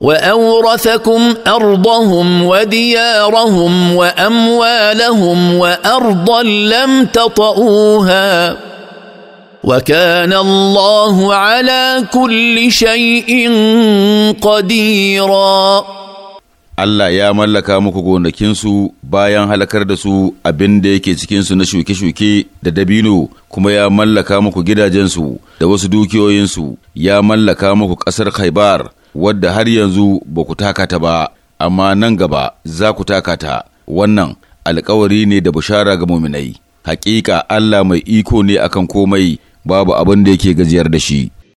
واورثكم ارضهم وديارهم واموالهم وارضا لم تطئوها وكان الله على كل شيء قديرا Allah ya mallaka muku gonakinsu bayan halakar da su abin da yake cikinsu na shuke-shuke da dabino, kuma ya mallaka muku gidajensu da wasu dukiyoyinsu, ya mallaka muku ƙasar Khaibar wadda har yanzu ba ku takata ba amma nan gaba za ku takata wannan alkawari ne da bushara ga muminai hakika Allah mai iko ne akan komai babu abin da yake gajiyar da shi